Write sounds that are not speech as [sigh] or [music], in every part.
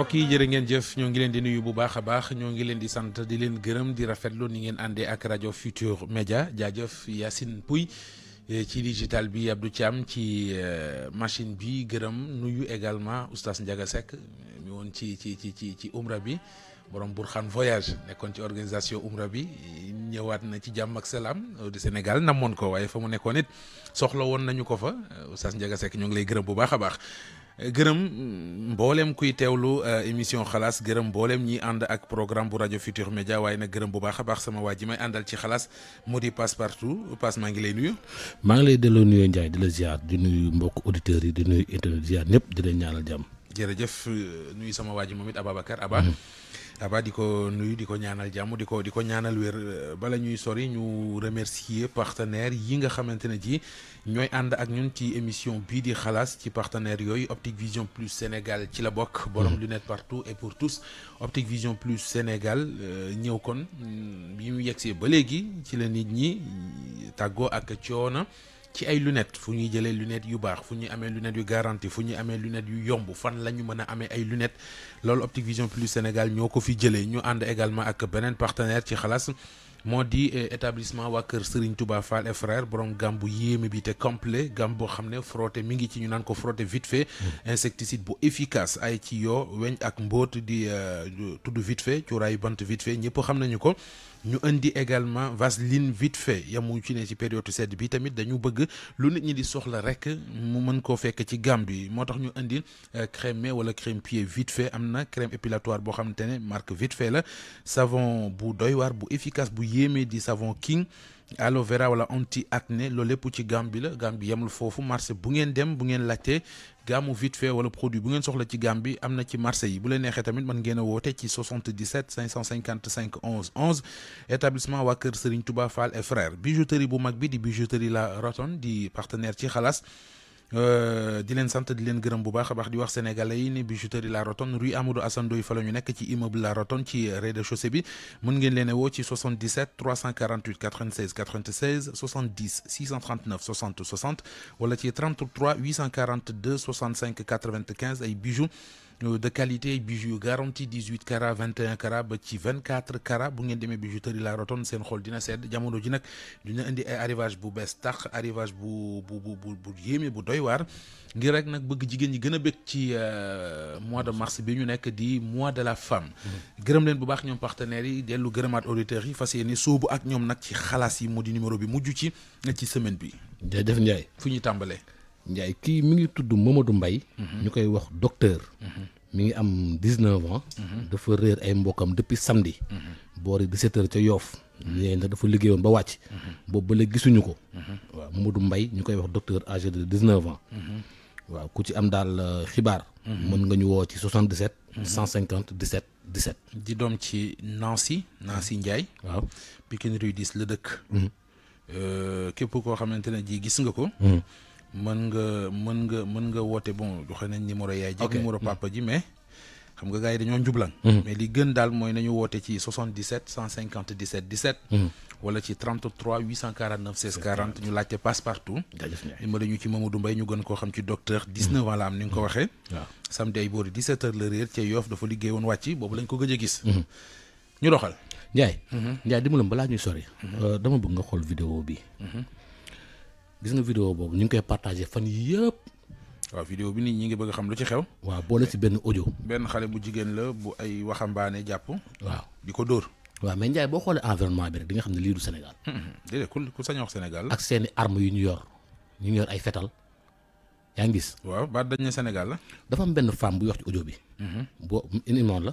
mbokk yi jërë ngeen jëf ñoo ngi leen di nuyu bu baax a baax ñoo ngi leen di sant di leen gërëm di rafetlu ni ngeen àndee ak rajo Futur Media jaajëf Yacine Pouy eh, ci digital bi Abdou Thiam ci eh, machine bi gërëm nuyu également oustaz Ndiaga Seck mi woon ci ci ci ci ci umra bi borom xam voyage nekkoon ci organisation umra bi ñëwaat na ci jàmm ak salaam du Sénégal namoon ko waaye fa mu nekkoon it soxla woon nañu ko fa eh, oustaz Ndiaga Seck ñoo ngi lay gërëm bu baax a baax. gërëm mm, mboolem kuy teewlu euh, émission xalaas gërëm mboolem ñi ànd ak programme bu rajo Futur Média waaye na gërëm bu baax a baax sama waa ji may àndal ci xalaas mu di passe partout passe maa ngi lay nuyu. maa ngi lay delloo nuyoo Ndiaye di la ziar di nuy mbokk auditeur yi di nuyu internet ziar ñëpp di leen ñaanal jàmm. jërëjëf euh, nuyu sama waa moom it Ababacar Aba. Mm-hmm. Aba diko ko nuyu di ñaanal jamm diko diko di ko ñaanal wér bala ñuy sori ñu remercier partenaires yi nga xamantene ji ñoy and ak ñun ci émission bi di xalaas ci partenaire yoy Optic Vision Plus Sénégal ci la bok borom mhm. lunette partout et pour tous Optic Vision Plus Sénégal euh, ñew kon bi mu yegsee ba légui ci la nit ñi taggo ak ciona ci ay lunettes fu ñuy jëlee lunettes yu baax fu ñuy amee lunettes yu garantie fu ñuy amee lunettes yu yomb fan la ñu mën a amee ay lunettes loolu Optique Vision Plus Sénégal ñoo ko fi jëlee ñu ànd également ak beneen partenaire ci xalaas moo di eh, établissement waa kër Serigne Touba Fall et frère borom gam bu yéeme bi te complet gam boo xam ne frotté mi ngi ci ñu naan ko frotté vite fait mm. insecticide bu efficace ay ci yoo weñ ak mbóot di eh, tudd vite fait cuuraayu bant vite fait ñëpp xam nañu ko nous indi également vaseline vite fait il y a ci période sedd bi tamit dañu lu nit ñi di soxla rek mu mën fekk ci euh, crème crème pied vite fait amna crème épilatoire marque vite fait savon bu doy bou efficace bou yéemee di savon king aloe vera wala anti acné lo lepp ci gamme la gamme bi fofu marché bu ngeen dem bu ngeen laajte gaamu vite fait wala produit bu ngeen soxla ci gamme amna ci marché yi bu le nexé tamit man ngeen a woote ci 77 555 11 11 établissement waa kër Serigne Touba Fall et frère bijouterie bu mag bi di bijouterie la Roton di partenaire ci Khalas. Euh, di Santé Dylan di leen gërëm bu baax di wax sénégalais yi bijouterie La rotonne rue Amadou Assane fa la ñu nekk ci immeuble La rotonne ci rez-de-chaussée bi mën ngeen 77 348 96 96 70 639 60 60 wala ci 33 842 65 95 ay bijoux de qualité bijou garantie 18 carats 21 carats ba ci 24 carats bu ngeen demee bijouterie La Rotonde sen xol dina sedd jamono ji nak dina indi ay arrivage bu bes tax arrivage bu bu bu bu yéeme bu doy war ngir rek nak bëgg jigéen ñi gëna a ci euh, mois de mars bi ñu nekk di mois de la femme mm-hmm. gërëm leen bu baax ñom partenaires yi delu gërëmaat auditeurs yi fasiyene yéene soobu ak ñom nak ci xalaas yi mu numéro bi mujj ci ci semaine bi. def ñay fu ñuy Ndiaye kii mi ngi tudd Mamadou Mbaye mhm. ñu koy wax docteur mhm. mi ngi am dix-neuf ans mhm. dafa réer ay mbokkam depuis samedi boori 17 heures ca Yoff ñee nag dafa liggéeyoon ba wàcc boobu ba léegi gisuñu ko waaw Mamadou Mbaye ñu koy wax docteur âgé de dix-neuf ans waaw ku ci am daal euh, xibaar mën nga ñu woo ci 77 150 17 di doom ci Nancy Nancy Ndiaye waaw Pikine Rue 10 la dëkk euh, képp koo xamante ne ji gis nga ko mën nga mën nga mën nga woote bon joxe nañ numéro yaay ji ak numéro mm. papa ji mais xam nga gars yi dañoo njublan mm. mais li gën daal mooy nañu woote ci 77 157 17 wala ci 33 849 ñu laajte passe partout dimbali ñu ci Mamadou Mbaye ñu gën koo xam ci docteur 19 ans la am ni nga ko mm. waxee samedi ay boori 17 heures la réer ca Yoff dafa liggéey woon wàcc boobu lañ ko gëj a gis mm-hmm. ñu doxal Ndiaye mm-hmm. Ndiaye dimbalam balaa ñuy sori mm-hmm. euh, dama bëgg nga xool vidéo bi gis nga vidéo boobu ñu ngi koy partagé fan yii yëpp. waaw vidéo bi nit ñi ngi bëgg xam lu ci xew. waaw boole ci benn audio. benn xale bu jigéen la bu ay waxambaane jàpp. waaw di ko dóor. waaw mais njaay boo xoolee environnement bi rek di nga xam ne lii du Sénégal. [laughs] déedéet ku ku sañ wax Sénégal. ak seeni armes yu ñu yor ñu yor ay fetal yaa ngi gis. waaw ba dañ ne Sénégal la. dafa am benn femme bu yox ci audio bi. Mhm. boo une la.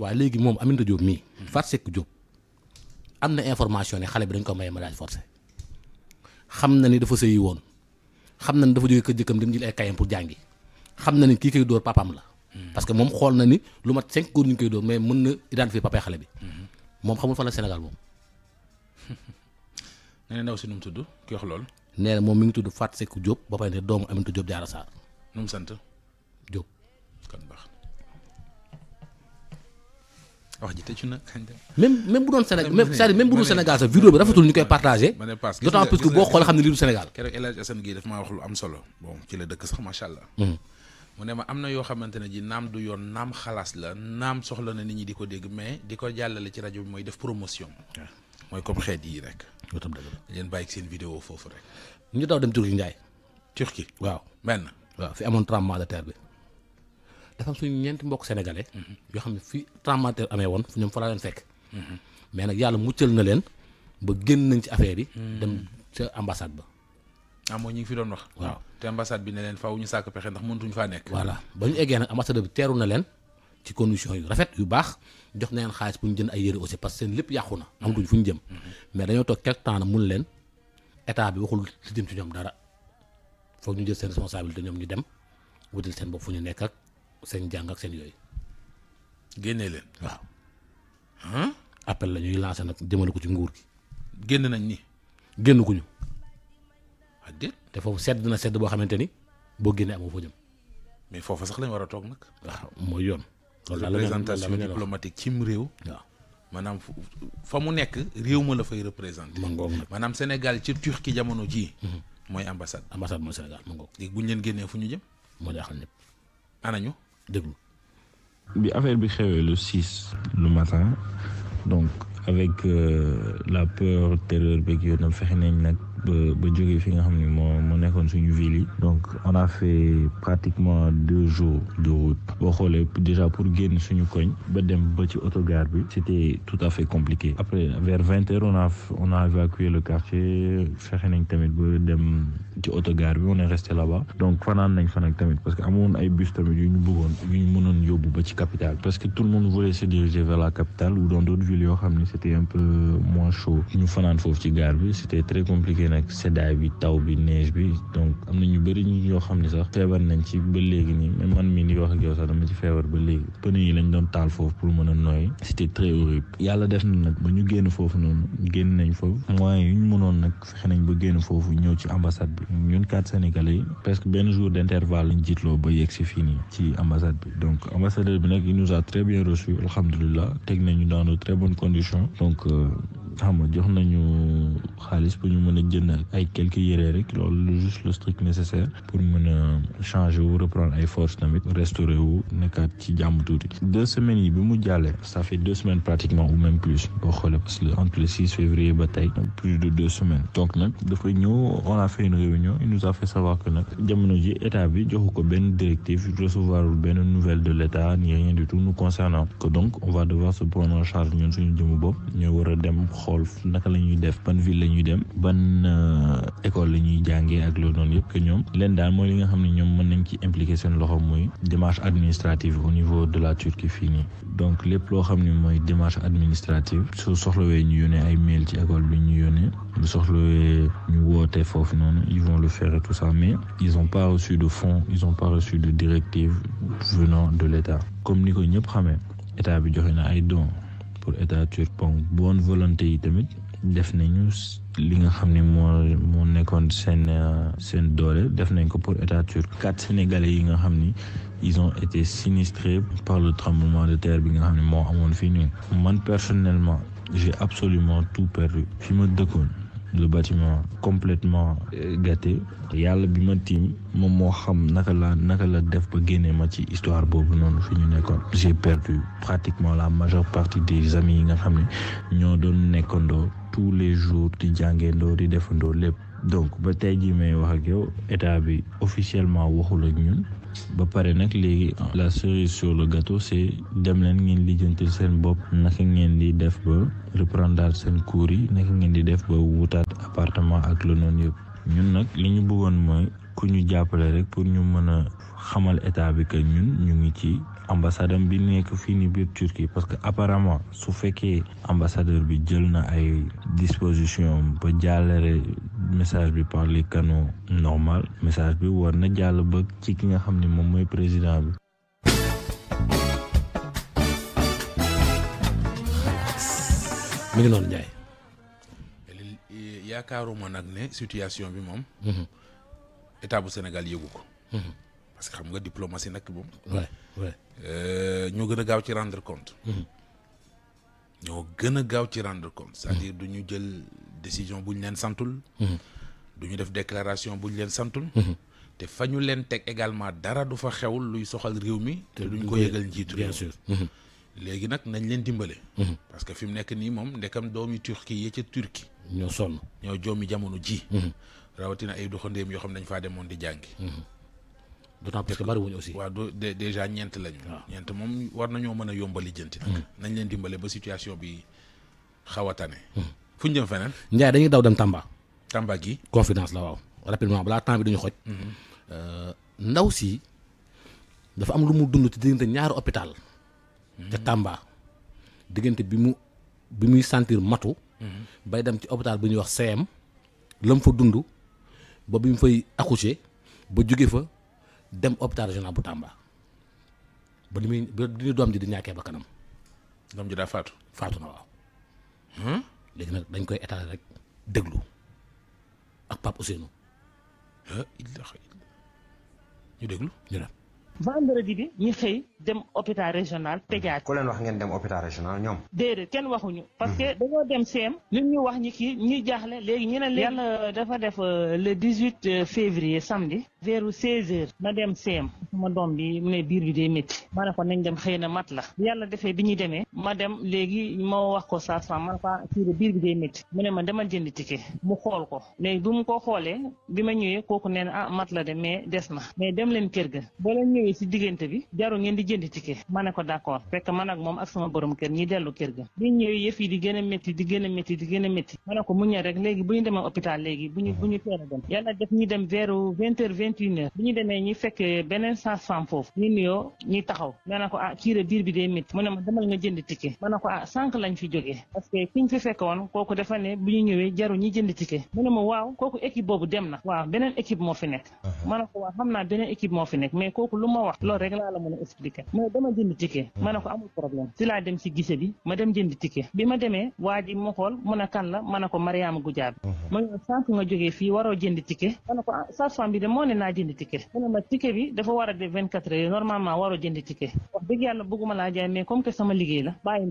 waaye léegi moom Aminata Diop mii. Fatou Seck Diop am na information ne xale bi dañ ko may mariage forcé xam na ni dafa sëyi woon xam na ni dafa jógee kër jëkkam dem jël ay kayam pour jàngi xam na ni kii koy dóor papam la. parce que moom xool na ni lu mat cinq góor ñu koy dóor mais mën na identifier papay xale bi. moom xamul fan la Sénégal moom. [laughs] nee na ndaw si nu mu tudd ki wax loolu. nee na moom mi ngi tudd Fatou Seck Diop ba pare ne doomu Aminata Diop Diarra sant. Diop wax ji tëju na. même même bu doon Sénégal même c'est-à-dire même bu doon Sénégal sax vidéo bi rafetul ñu koy partagé. ma ne boo xoolee xam ne lii du Sénégal. daf maa wax lu am solo ci la dëkk sax macha allah. Hmm. mu ne ma am na yoo xamante ne ji naam du yoon naam xalaas la naam soxla na nit ñi di ko dégg mais di ko jàllale ci rajo bi mooy def promotion. mooy comme xeet yi rek. loolu tam dëgg la leen bàyyi seen vidéo foofu rek. ñu daw dem Turquie Ndiaye. Turquie waaw benn. waaw fi amoon tremblement dafa am suñu ñeenti mbokk sénégalais. yoo xam ne fi tremblement amee woon fu ñoom fa leen fekk. mais nag yàlla muccal na leen ba génn nañ ci affaire yi. dem ca ambassade ba. ah mooy ñu ngi fi doon wax. waaw te ambassade bi ne leen faaw ñu sàkk pexe ndax mëntuñu faa nekk. voilà ba ñu eggee nag ambassadeur bi teeru na leen ci condition yu rafet yu baax jox na leen xaalis pour ñu jën ay yére aussi parce que seen lépp yàqu na. amatuñ fu ñu jëm. Mm-hmm. mais dañoo toog quelque temps na mun leen état bi waxul ci jëm ci ñoom dara foog ñu jël seen responsabilité ñoom ñu dem wutal ñu nekk ak seen jàng ak seen yooyu. génnee leen waaw. appel la ñuy lancé nag jëmale ko ci nguur gi. génn nañ ni génn ku ñu. ak ah, déet te foofu sedd na sedd boo xamante ni boo génnee amoo foo jëm. mais foofu sax lañ war a toog nag. mooy yoon. loolu la représentation diplomatique cim réew. waaw maanaam fa mu nekk réew ma la fay représenté. ma ngoog maanaam Sénégal ci ki jamono jii. Mhm. mooy ambassade. ambassade mooy Sénégal ma ngoog. léegi bu leen génnee fu ñu jëm. moo jaaxal ñëpp. ana déglu. bi affaire le 6 le matin donc avec euh, la peur terreur beeg yow nag nañ ba ba jógee fi nga xam ne suñu ville donc on a fait pratiquement deux jours de route déjà pour génn suñu koñ ba dem ba ci autogare bi c'était tout à fait compliqué après vers 20h, on a on a évacué le quartier fexe nañ tamit ba dem ci autogare bi on est resté là-bas donc fanaan nañ fa tamit parce que amoon ay bus tamit yu ñu bëggoon yu ñu mënoon yobu ba ci capitale parce que tout le monde voulait se diriger vers la capitale ou dans d'autres villes yoo c'était un peu moins chaud ñu fanaan foofu ci gare bi c'était très compliqué nag seddaay bi taw bi neige bi donc amna ñu bëri ñu yoo xamni sax feebar nañ ci ba légui ni mais man mi ni wax ak yow sax dama ci feebar ba légui pneu yi lañ doon taal fofu pour mëna noy c'était très horrible yalla def na nag ba ñu génn fofu non génn nañ fofu moyens yu ñu mënon nak fexé nañ ba génn fofu ñëw ci ambassade bi ñun 4 sénégalais yi presque ben jour d'intervalle lañ jiitloo ba yegg si fii ci ambassade bi donc ambassadeur bi nak il nous a très bien reçu alhamdulilah teg nañu dans de très bonnes conditions donc euh, xam jox nañu xaalis pour ñu mën a jënd ay quelques yére rek loolu juste le strict nécessaire pour mën changer wu reprendre ay force tamit restaurer wu nekkaat ci jàmm tuuti deux semaines yi bi mu jàllee ça fait deux semaines pratiquement ou même plus boo xoolee parce que entre le 6 février ba tey plus de deux semaines donc nag dafa ñëw on a fait une réunion il nous a fait savoir que nag jamono ji état bi joxu ko directive recevoir benn nouvelle de l'état ni rien du tout nous concernant que donc on va devoir se prendre en charge ñun suñu jëmu bopp ñoo war dem xool naka lañuy def ban ville lañuy dem ban euh, école lañuy ñuy jàngee ak loolu noonu yëpp que ñoom leen daal mooy li nga xam ne ñoom mën nañ ci impliquer seen loxo muy démarche administrative au niveau de la Turquie fii nii donc lépp loo xam ne mooy démarche administrative su soxlawee ñu yónnee ay mail ci école bi ñu yónnee bu soxlawee ñu woote foofu noonu ils vont le faire et tout ça mais ils ont pas reçu de fonds ils ont pas reçu de directive venant de l'État comme ni ko ñëpp xamee état bi joxe na ay dons pour état turpon bonne volonté yi tamit def nañu li nga xam mo mo moo sen sen dole def nañ ko pour état turc quatre sénégalais yi nga ils ont été sinistrés par le tremblement de terre bi nga xam mo amone fi fii man personnellement j'ai absolument tout perdu fi ma d'accord le bâtiment complètement euh, gâté yalla bi ma tiim mom mo xam naka la naka la def ba génnee ma ci histoire bobu non fi ñu nekkoon j'ai perdu pratiquement la majeure partie des amis yi nga xamni ñoo doon nekkandoo tous les jours di ndo di ndo lepp donc ba tay ji may wax ak yow état bi officiellement waxul ak ñun ba pare nag léegi la cerise sur le c'est dem leen ngeen lijjantil seen bopp naka ngeen di def ba reprendre seen cours yi naka ngeen di def ba wutaat appartement ak la noonu yëpp ñun nag li ñu buggoon ma ku ñu jàppale rek pour ñu mën a xamal état bi que ñun ñu ngi ci ambassade am bi nekk fii ni biir Turquie parce que apparemment su fekkee ambassadeur bi jël na ay disposition ba jàllale message bi par les message bi war na jàll ba ci ki nga xam ne moom mooy président bi. mi bi moom. Mhm. état bu Sénégal yëgu ko. Mhm. parce que xam nga diplomatie nag moom. Euh, ñoo gën a gaaw ci rendre compte. Mhm. ñoo gën a gaaw ci rendre compte. cest mhm. du ñu jël décision bu ñu leen santul. Mhm. du ñu def déclaration bu ñu leen santul. te fa ñu leen teg également dara du fa xewul luy soxal réew mi. te duñ ko yëgal njiitu bien sûr. léegi nag nañ leen dimbale. parce que fi mu nekk nii moom ndekam doomi turki yi ca turki ñoo sonn ñoo joomi jamono ji. rawatina ay doxandéem yoo xam ne dañ faa demoon di jàngi. d'autant plus que bariwuñu aussi. waaw du déjà ñeent lañu. ñeent moom war nañoo mën a yombali jënti nag. Hmm. nañ leen dimbale ba situation bi xaw a tane. Hmm. fu ñu jëm feneen. Ndiaye dañuy daw dem Tamba. Tamba gi confidence la waaw. rapidement balaa temps bi duñu xoj. Hmm. Euh, ndaw si dafa am lu mu dund ci diggante ñaari hôpital. ca Tamba diggante bi mu bi muy sentir matu. bay dem ci hôpital bu ñuy wax CM. la mu fa dund ba bi mu fay accoucher ba jóge fa. dem hôpital régional bu Tamba ba ni muy ba ni doom ji di ñàkkee ba kanam. doom ji daa faatu. faatu na waaw. Hmm? léegi nag dañ koy étaler rek déglu ak Pape Ousseynou. ah ñu déglu ñu dem. vendredi bi ñu xëy dem hôpital régional hmm. pédiatrie. ku leen wax ngeen dem hôpital régional ñoom. déedéet kenn waxuñu. Hmm. parce que dañoo dem CM. li ñu wax ñi kii ñuy jaaxle léegi ñu ne leen. def euh, le dix huit euh, février samedi. vers seize heures. ma dem CM. sama doom bi mu ne biir bi day métti. ma ne ko nañ dem xëy na mat la. yàlla defee bi ñuy demee. ma dem léegi ma wax ko saa sama ma ne ko fii ah, biir bi day métti. mu ne ma demal jënd ticket. mu xool ko léegi bu mu ko xoolee bi ma ñëwee kooku nee na a ah, mat la dem mais des na. mais dem leen kër ga. boo leen yooyu si diggante bi jaru ngeen di jënd ticket ma ko d'accord fekk man ak moom ak sama borom kër ñi dellu kër ga bi ñëwee yëf di gën a métti di gën a métti di gën a métti ma ko mu ñëw ñi fekk beneen sage-femme foofu ñu nuyoo ñuy taxaw ma ko ah kiire biir bi day métti mu ne ma demal nga jënd ticket ma ko ah sànq lañ fi jógee parce que fi fekk woon kooku dafa ne bu ñu ñëwee jaru ñi jënd ticket mu ne ma waaw kooku équipe boobu dem na waaw beneen équipe moo fi ma wax loolu rek laa la mën a expliquer mais dama jënd ticket ma ko amul problème si laa dem si gise bi ma dem jënd ticket bi ma demee waa ji xool mu ne kan la ma ko Mariama Goudiaby mhm. ma ah, bi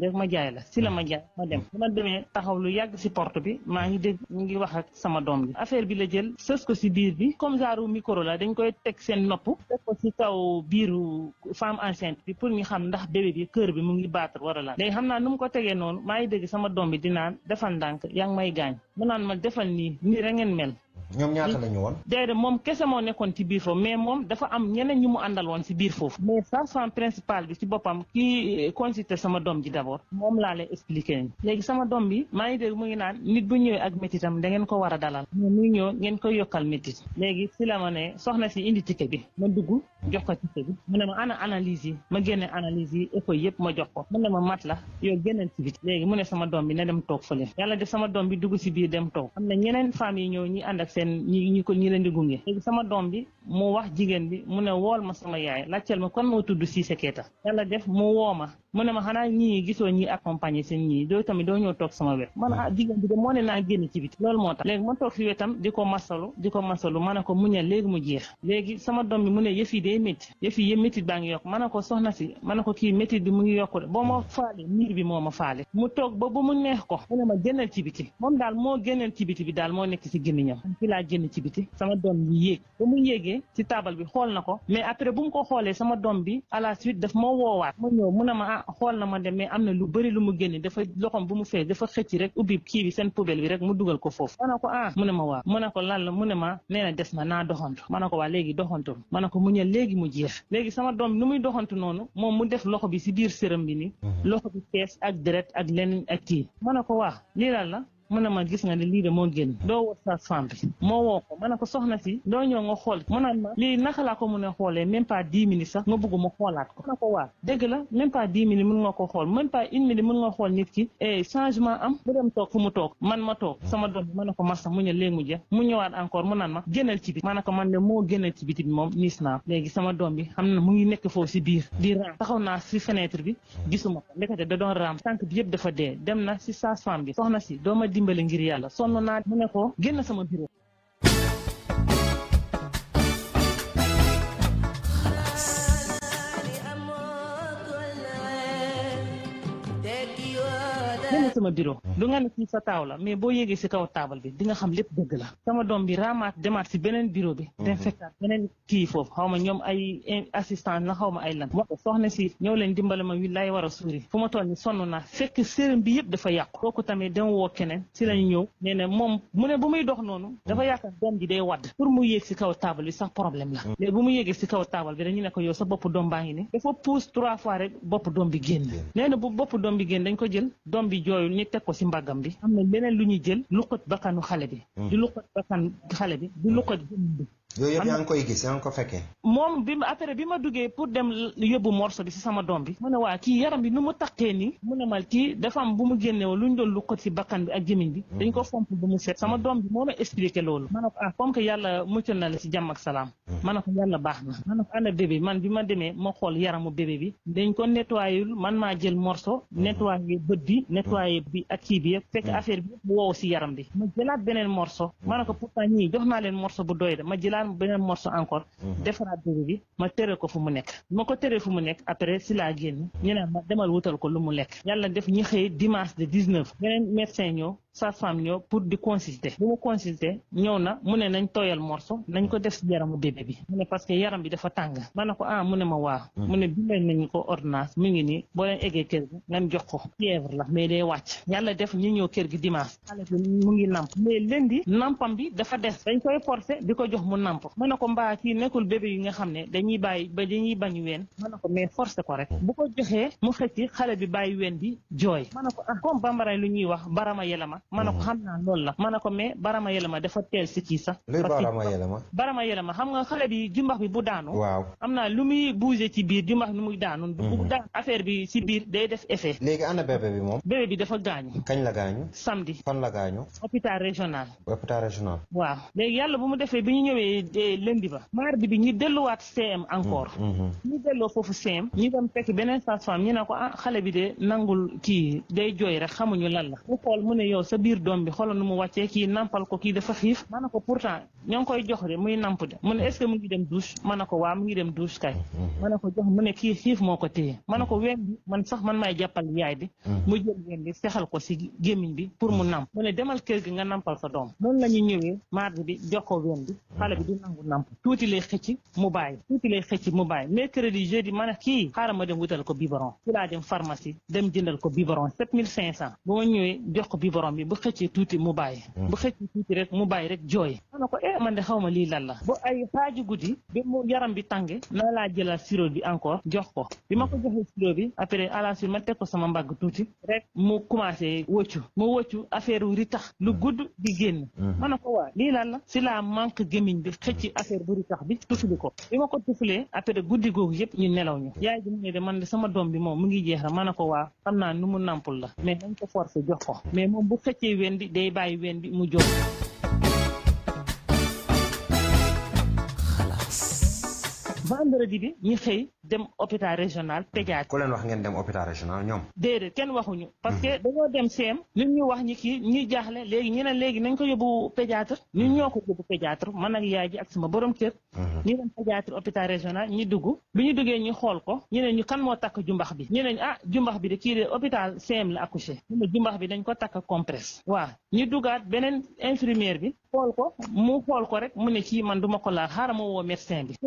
de ma a jaay la si la ma jaay ma dem ma demee taxaw lu yàgg si porte bi maa ngi dégg ngi wax ak sama doom bi affaire bi la jël sës ko biir bi comme genre micro la dañ koy teg seen nopp teg ko si kaw biiru femme enceinte bi pour ñu xam ndax bébé bi kër bi mu ngi battre la lan léegi xam naa nu mu ko tegee noonu maa ngi dégg sama doom bi dinaan defal ndànk yaa may gaañ mu naan ma defal ni nii rek ñoom ñaata la ñu woon. déedéet moom kese moo nekkoon ci biir foofu mais moom dafa am ñeneen ñu mu àndal woon si biir foofu. mais façon principal bi si boppam kii euh, consulté sama doom d' abord moom laa lay expliqué léegi sama doom bi a dalal. ma bi ma dugg jox ko ticket bi mu ne ma ana analyse yi ma génne analyse yi écho yëpp ma jox ko mu ne ma mat la yow génneel ci biti léegi mu ne sama doom bi na dem toog fële yàlla def sama doom bi dugg si biir dem toog am na ñeneen femmes yi ñëw ñi ànd ak seen ñi ñi ko ñi leen di gunge léegi sama doom bi mu wax jigéen bi mu ne wool ma sama yaay laajteel ma kon moo tudd si Keita yàlla def mu woo mu ne ma xanaa ñii gisoo ñii accompagner seen ñii doo tamit doo ñëw toog sama wet man ah jigéen bi de moo ne di ko masalu di ko masalu ma ne ko muñal léegi mu jeex ko soxna si ma ne ko kii métti bi toog ba ba mu neex ko ma génnal ci biti moom daal moo génnal ci biti bi daal moo nekk si gémmiñam fi laa génn ci biti sama doom bi yéeg ba mu yéegee si taabal bi xool na ko mais après bu mu ko xoolee sama doom bi à la suite daf ma woowaat ma ñëw mu ne ma ah, ah xool na ma de mais am na lu bëri lu mu génne dafa loxom bu mu fees dafa xëcc rek ubbi kii seen poubelle bi rek mu dugal ko foofu ma ne ko ah mu ne ma waa mu ne ko lan mu ne ma nee na des na naa doxantu ma ne ko waa léegi doxantu ma ne ko mu ñëw léegi mu jeex léegi sama doom nu muy doxantu noonu moom mu def loxo bi si biir sërëm bi ni loxo bi fees ak deret ak leneen ak kii ma ne ko waa lii lan la mu ne ma gis nga ne lii de moo génn doo woo sage-femme ma ne ko soxna si doo xool ma lii naka mun nga bëgg ma xoolaat ko na ko ko xool même pas une minute mun nga nit ki eh, changement am bu dem toog fu mu toog man ma toog sama doom bi ma ne ko mu ma ma ne ko man de moo génnal ci biti bi moom niis naa léegi sama doom bi na mu ngi nekk foofu si biir di raam taxaw naa si fenêtre bi gisuma ko ndekete da doon raam tànk bi yëpp dafa dee dem na si sage-femme bi soxna si dooma di dimbale ngir yàlla sonn naa mu ne ko sama bureau danga sama bureau du nga ne fii sa taaw la mais boo yéegee taabal bi di nga xam lépp dëgg la sama doom bi raamaat demaat si beneen bureau bi dem mhm. fekkaat beneen kii foofu xaw ma ñoom ay assistance la xaw ma ay lan wax ko soxna si ñëw leen dimbale ma wi lay war a suuri fu ma toll ni sonn naa fekk sérum bi yëpp dafa yàqu kooku tamit dama woo keneen si lañu ñëw nee moom mu ne bu muy dox noonu dafa yaakaar doom ji day wadd pour mu yéeg si kaw taabal bi sax problème la mhm. bu mu yéegee si kaw taabal bi dañu ne ko yow sa doom baa ngi ni dafa pousse trois di jooyu ñu teg ko si mbàggam bi am na leneen lu ñuy jël luqat bakkanu xale bi hmm. di luqat bakkan xale bi di luqat yooyu yëpp yaa ngi koy gis yaa ngi ko fekkee. moom bi après bi ma duggee pour dem yóbbu morso bi si sama doom bi. mu ne waa kii yaram bi nu mu taqee nii. mu ne ma mu bi ak gémmiñ mhm. mhm. ma ma ne ko ah comme que yàlla muccal mhm. ne ko bi ma demee ma xool yaramu bébé bi. dañ ko nettoyé man maa jël morso. nettoyé bët bi. nettoyé bi ak kii bi yëpp. fekk affaire bi yëpp woow si yaram bi. ma jëlaat beneen morso. ma ne ko pourtant ñii jox naa leen morso bu doy de ma jëlaat am beneen morceau encore mhm. defaraat dugub bi ma tere ko fu mu nekk ma ko tere fu mu nekk après si laa génn ñu ne ma demal wutal ko lu mu lekk yàlla def ñi xëy dimanche de 19 beneen médecin ñëw sage-femme ñëw pour di consulter bu mu consulter ñëw na mu ne nañ tooyal morso nañ ko def si yaramu bébé bi mu ne parce que yaram bi dafa tàng ma ne ko ah mu ne ma waaw hmm. mu ne bindal nañ ko ordonnance mu ngi nii boo leen eggee kër gi ngeen jox ko fièvre la mais day wàcc yàlla def ñu ñëw kër gi dimanche xale bi mu ngi namp mais lundi nampam bi dafa des dañ koy forcer bi ko jox mu namp ma ne ko mbaa kii nekkul bébé yi nga xam ne dañuy bàyyi ba dañuy bañ ween ma ne ko mais forcer ko rek hmm. bu ko joxee mu xëcc xale bi bàyyi ween bi jooy ma ne ko ah comme bambara lu ñuy wax ma a ko mhm. xam naa loolu la ma ne ko mais barama yelema dafa teel si kii sax barama yelema barama yelema xam nga xale bi jumbax bi bu daanu waaw am naa lu muy bouger ci biir jumbax bi muy daanu mhm. bu daan si biir day def effet léegi ana bébé bi moom bébé bi dafa gaañu kañ la gaañu samedi fan la gaañu hôpital régional hôpital régional waaw léegi yàlla bu mu defee bi ñu ñëwee eh, lundi ba mardi bi ñu delluwaat CM encore mm-hmm. Mm-hmm. ñu delloo foofu CM ñu dem fekk beneen sage-femme ñu ne ko ah xale bi de nangul kii day jooy rek xamuñu la sa biir doom bi xoolal nu mu wàccee kii nampal ko kii dafa xiif ma ne ko pourtant ñoo ngi koy jox de muy namp de mu ne est-ce que ma ne ko waa mu ngi dem ko si gémmiñ bi pour mu namp mu ne demal gi nga nampal sa doom noonu la ñu ñëwee mardi bi jox ko ween bi xale bi di nangu namp tuuti mu bàyyi tuuti lay xëcc mu bàyyi mercredi ma ne kii ma dem wutal ko biberon ci laa dem pharmacie dem jëndal ko biberon sept mille cinq cent bu ma ñëwee jox ko biberon bi bi bu xëccee tuuti mu bàyyi hmm. bu xëccee tuuti rek mu bàyyi rek jooy ma ne ko eh man de xaw ma lii lan la bu ay xaaju guddi bi mu yaram bi tànge na laa jëlal si bi encore jox ko bi ma ko hmm. joxee sirop bi après à la ma teg ko sama mbagg tuuti rek mu commencé wëccu mu wëccu affaire wu ritax lu hmm. gudd di génn ma ne ko waa lii si laa manque gémmiñ bi xëcc affaire bu ritax bi tufli ko bi ma ko tufalee après guddi googu yëpp ñu nelaw ñu yaay ji mu ne de man de sama doom bi moom mu ngi jeex ma ne ko waa xam naa nu mu nampul la mais dañ ko forcé jox ko xëccee wen bi day bàyyi wen bi mu jóg vendredi bi ñi xëy dem hôpital régional pédiatrie. ku leen wax ngeen dem hôpital régional ñoom. déedéet kenn waxuñu. Mhm. parce que dañoo dem CM. li ñu wax ñi kii ñuy jaaxle léegi ñu ne léegi nañ ko yóbbu pédiatre ñun mhm. ñoo ko yóbbu pédiatre man ak yaay ji ak sama borom kër. Mhm. ñu dem pédiatre hôpital régional ñi dugg. bi ñu duggee ñu xool ko ñu ne ñu kan moo takk jumbax bi ñu ne ah jumbax bi de kii de hôpital CM la accouché ñu bi dañ ko takk compresse. waaw ñu dugaat beneen infirmière bi. xool ko mu xool ko rek mu ne kii man du ma ko laal xaaral ma woo médecin bi. ki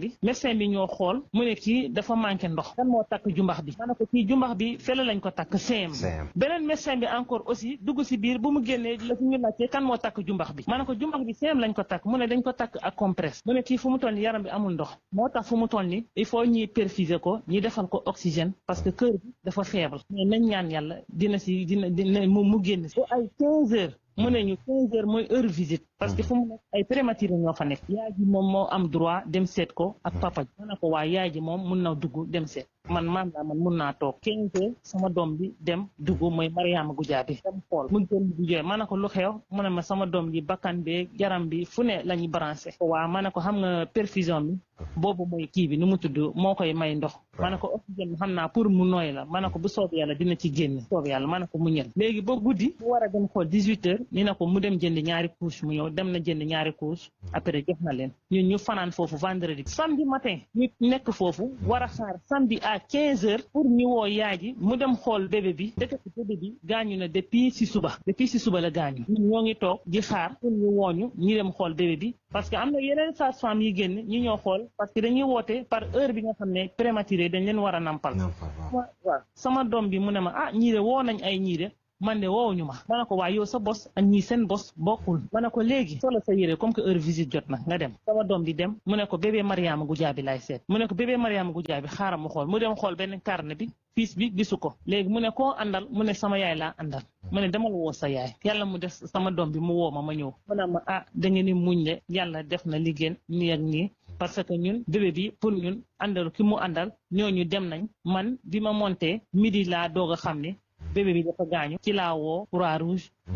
bi médecin bi ñoo xool mu ne kii dafa manqué ndox kan moo takk jumbax bi ma ne ko kii jumbax bi fële lañ ko takk CM beneen médecin bi encore aussi dugg si biir bu mu génnee la fi ñu laajtee kan moo takk jumbax bi ma ko jumbax bi CM lañ ko takk mu ne dañ ko takk ak compresse mu ne kii fu mu toll ni yaram bi amul ndox moo tax fu mu toll ni il faut ñuy perfuser ko ñi defal ko oxygène parce que cœur bi dafa faible mais nañ ñaan yàlla dina si dina dina mu génn si ay 15 heures mu ne ñu 15 heures mooy heure visite. parce que mm-hmm. fu ay prématuré ñoo fa nekk. moom moo am droit dem seet ko. ak mm-hmm. papa ji ma ne ko waa yaay ji moom mun na dugg dem seet. man mandat man mun naa toog quinze sama doom bi dem dugg mooy Mariama Gujaabi dem xool mu génn di jooy ma ne lu xew mu ma sama doom ji bakkan be yaram bi fu ne la ñu branché waaw ma ne ko xam nga perfusion bi boobu mooy kii bi nu mu tudd moo koy may ndox ma ne ko oxygène bi xam naa pour mu nooy la ma ko bu soob yàlla dina ci génn soob yàlla ma ne ko mu ñël léegi ba guddi mu war a dem xool dix-huit heures ni na ko mu dem jënd ñaari couche mu ñëw dem na jënd ñaari couche hmm. après jox leen à 15 heures pour ñu woo yaay ji mu dem xool bébé bi dëkk bébé bi gaañu na depuis si suba depuis si suba la gaañu ñun ñoo ngi toog di xaar pour ñu wooñu ñu dem xool bébé bi parce que am na yeneen sage-femme yi génn ñu ñoo xool parce que dañuy woote par heure bi nga xam ne prématuré dañ leen war a nampal waaw sama doom bi mu ne ma ah ñii de woo nañ ay ñii man de woowuñu ma ma ne ko waay yow sa bos ak ñii seen bos bokkul ma ne ko léegi solo sa comme que heure visite jot na nga dem sama doom di dem mu ne ko bébé Mariama Goudiaby laay seet mu ne ko bébé Mariama Goudiaby xaaral mu xool mu dem xool benn carnet bi fiis bi gisu ko léegi mu ne koo àndal mu ne sama yaay laa àndal mu ne dama woo sa yaay yàlla mu des sama doom bi mu woo ma ma ñëw mu ma a ah, da ngeen ni muñ le yàlla def na liggéey nii ak nii parce que ñun bébé bi pour ñun àndal ki mu àndal ñooñu dem nañ man bi ma monté midi laa doog a xam ne bébé bi dafa gaañu ci laa woo croix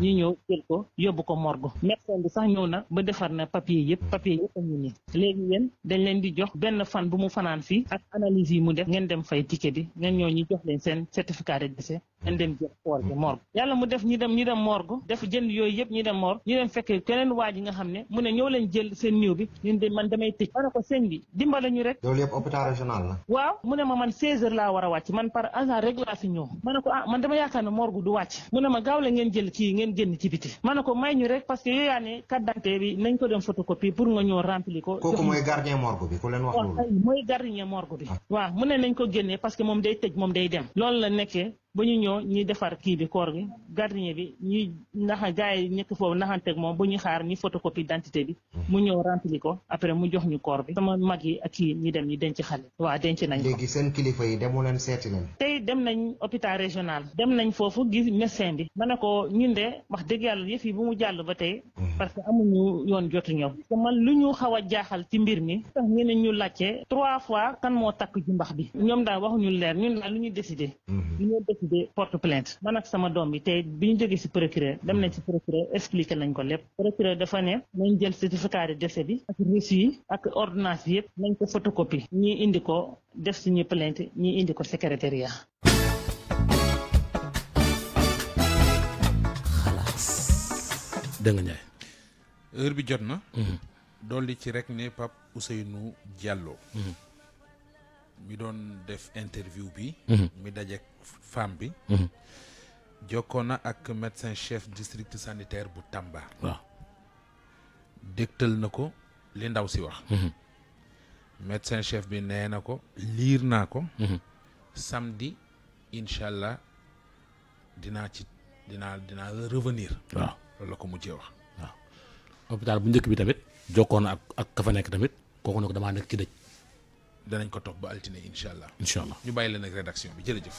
ñu ñëw jël ko yóbbu ko morgue médecin bi sax ñëw na ba defar na papier yëpp papier yëpp a ñu nii léegi yéen dañ leen di jox benn fan bu mu fanaan fii ak analyse yi mu def ngeen dem fay ticket bi ngeen ñëw ñu jox leen seen dem dem ñu dem def jënd yooyu yëpp ñu dem morgue ñu dem fekk keneen waa ji nga xam ne mu ne ñëw leen jël seen néew bi ñun de man damay tëj ma ne ko sëñ bi dimbala ñu rek loolu yëpp hôpital régional la waaw mu ne ma man 16 heures laa war a wàcc man par hasard rek fi ñëw ma ne ko ah man dama yaakaar ne morgue du wàcc mu ne ma gaaw la ngeen génn ci biti ma ne ko may ñu rek parce que yow yaa ne bi nañ ko dem photocopie pour nga ñëw rempli ko kooku mooy gardien morgue bi ku leen wax mooy gardien morgue bi ah. waaw mu ne nañ ko génnee parce que moom day tëj moom day dem loolu la nekkee ba ñu ñëw ñuy defar kii bi koor gi gardien bi ñuy naxa gars yi nekk foofu naxanteeg moom ba ñu xaar ñu photocopie d'identité bi hmm. mu ñëw rempli ko après mu jox ñu koor bi mag yi ak kii ñu dem ñu denc xale waaw denc nañ ko léegi seen yi demu leen seeti leen tey dem nañ hôpital régional dem nañ foofu gis médecin bi ma ne ko ñun de wax dëgg yàlla yëf yi bu mu jàll ba tey hmm. parce que amuñu yoon jotu ñëw man lu ñu xaw a jaaxal ci mbir mi tax ñu laajte trois fois kan moo takk jumbax bi ñoom daal waxuñu leer ñun lu ñu décidé hmm. tuddee porte plainte man ak sama doom bi tey bi ñu jógee si procureur dem nañ si procureur expliqué nañ ko lépp procureur dafa ne nañ jël certificat de décès bi ak reçu yi ak ordonnance bi yëpp nañ ko photocopie ñii indi ko def suñu plainte ñii indi ko secrétariat xalaas danga ñaay heure bi jot na mhm. dolli ci rek ne Pape Ousseynou Diallo mhm. mi doon def interview bi mhm. mi dajeek femme bi mhm. jokkoon na ak médecin chef district sanitaire bu Tamba waaw na ko li ndaw si wax mhm. médecin chef bi nee na ko liir naa ko samedi incha allah dinaa ci dinaa dinaa revenir waaw loolu la ko mujjee wax waaw hôpital bu njëkk bi tamit jokkoon na ak ak ka fa nekk tamit kooku ne ko damaa nekk ci dëj danañ ko topp ba altine incha allah. incha ñu bàyyi leen ak rédaction bi jërëjëf.